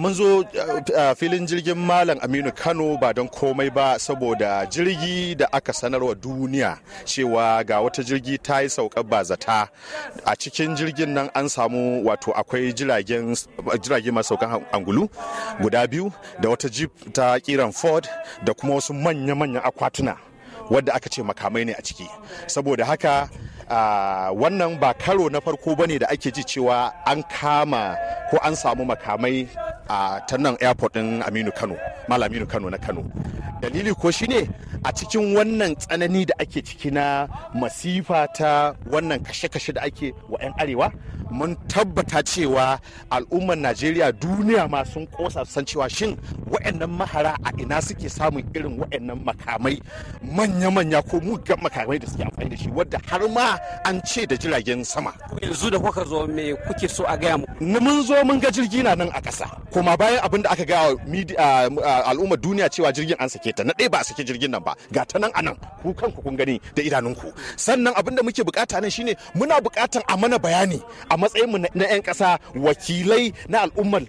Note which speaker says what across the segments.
Speaker 1: mun zo eh, eh, filin jirgin malam aminu kano ba don komai ba saboda jirgi da aka sanarwa duniya cewa ga wata jirgi ta yi saukar bazata a cikin jirgin nan an samu wato akwai jiragen masu saukan angulu guda biyu da wata jeep ta kiran ford da kuma wasu manya-manyan akwatuna wadda aka ce makamai ne a ciki saboda haka Uh, wannan ba karo na farko ne da ake ji cewa an kama ko an samu makamai a ta airport din aminu kano mal aminu kano na kano dalili ko shine a cikin wannan tsanani da ake ciki na masifa ta wannan kashe-kashe da ake wa 'yan arewa mun tabbata cewa al'ummar najeriya duniya ma sun kosa san cewa shin wa'annan mahara a ina suke samun irin wa'annan makamai manya-manya ko mugan makamai da suke amfani da shi wadda har ma an ce da jiragen sama yanzu da kuka zo me kuke so a gaya mu mun zo mun ga jirgi na nan a ƙasa kuma bayan abin da aka ga al'ummar duniya cewa jirgin an sake ta na ɗaya ba a sake jirgin nan ba ga ta nan a nan ku kanku kun gani da idanunku sannan abin da muke bukata nan shine muna bukatan a mana bayani mu na 'yan kasa wakilai na al'ummar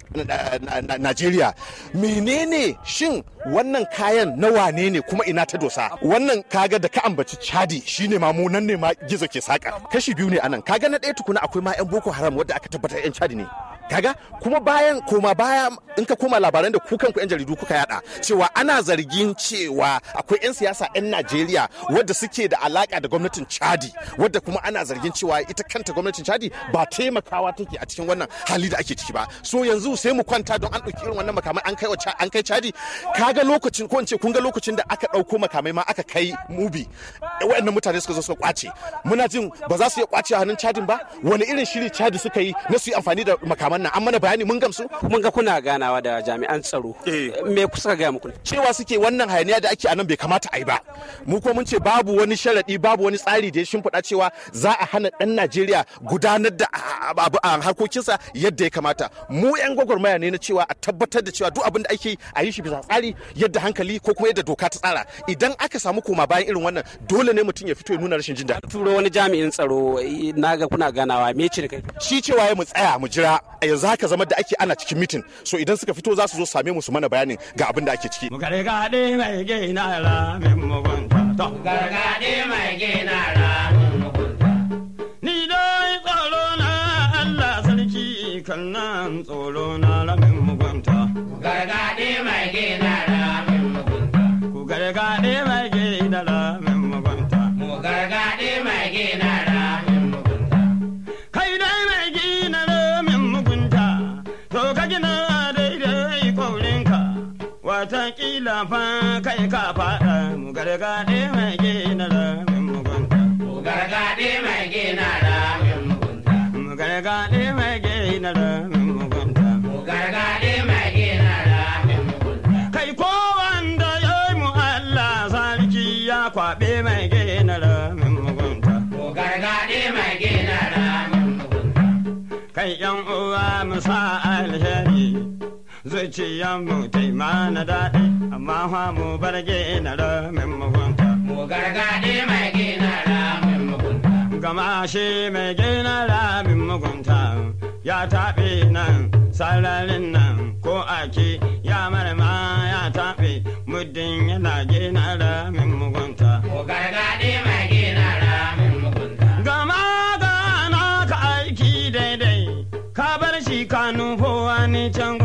Speaker 1: najeriya menene shin wannan kayan na wane ne kuma ina ta dosa wannan kaga da ka ambaci chadi shine ma mu nan ne ma gizo ke saka kashi biyu ne anan kaga na ɗaya tukuna akwai ma 'yan boko haram wadda aka tabbatar 'yan chadi ne kaga kuma bayan koma baya in ka koma labaran da ku kanku yan jaridu kuka yada cewa ana zargin cewa akwai yan siyasa yan Najeriya wadda suke da alaka da gwamnatin Chadi wadda kuma ana zargin cewa ita kanta gwamnatin Chadi ba taimakawa take a cikin wannan hali da ake ciki ba so yanzu sai mu kwanta don an ɗauki irin wannan makamai an kai an kai Chadi kaga lokacin ko ince kun ga lokacin da aka dauko makamai ma aka kai mubi waɗannan mutane suka zo suka kwace muna jin ba za su iya kwace hannun Chadin ba wani irin shiri Chadi suka yi na su yi amfani da makamai wannan an mana bayani mun gamsu mun ga kuna ganawa da jami'an tsaro eh. me kusa ga muku cewa suke wannan hayaniya da ake anan bai kamata a yi ba mu ko mun ce babu wani sharadi babu wani tsari da ya shimfiɗa cewa za a hana dan Najeriya gudanar da a harkokinsa yadda ya kamata mu yan gwagwarmaya ne na cewa a tabbatar da cewa duk abin da ake a yi shi bisa tsari yadda hankali ko kuma yadda doka ta tsara idan aka samu koma bayan irin wannan dole ne mutum ya fito ya nuna rashin jin daɗi turo wani jami'in tsaro eh, naga kuna ganawa me ce da kai shi cewa ya mu tsaya mu jira a yanzu ka zama da ake ana cikin mitin so idan suka fito za su zo same mu su mana bayanin ga abin da ake ciki gargaɗe mai gina min mai gina
Speaker 2: min ni tsoro na Allah sarki kan nan tsoro na ra min mugunta gargaɗe mai gina ra watakila fa kai ka faɗa mu gargaɗe mai gina min mugunta. Mu gargaɗe mai gina min mugunta. Mu gargaɗe mai gina ramin mugunta. Mu gargaɗe mai gina ramin mugunta. Kai ko wanda ya yi mu Allah sarki ya kwaɓe mai gina min mugunta. Mu gargaɗe mai gina ramin mugunta. Kai yan uwa mu sa alheri. zuciyanmu ta yi mana daɗi amma fa mu bar gina min mugunta. Mu gargaɗi mai gina min mugunta. Gama shi mai gina min mugunta ya taɓe nan sararin nan ko ake ya marma ya taɓe muddin yana gina min mugunta. Mu gargaɗi mai gina min mugunta. Gama gana ka aiki daidai ka bar shi ka nufo wani can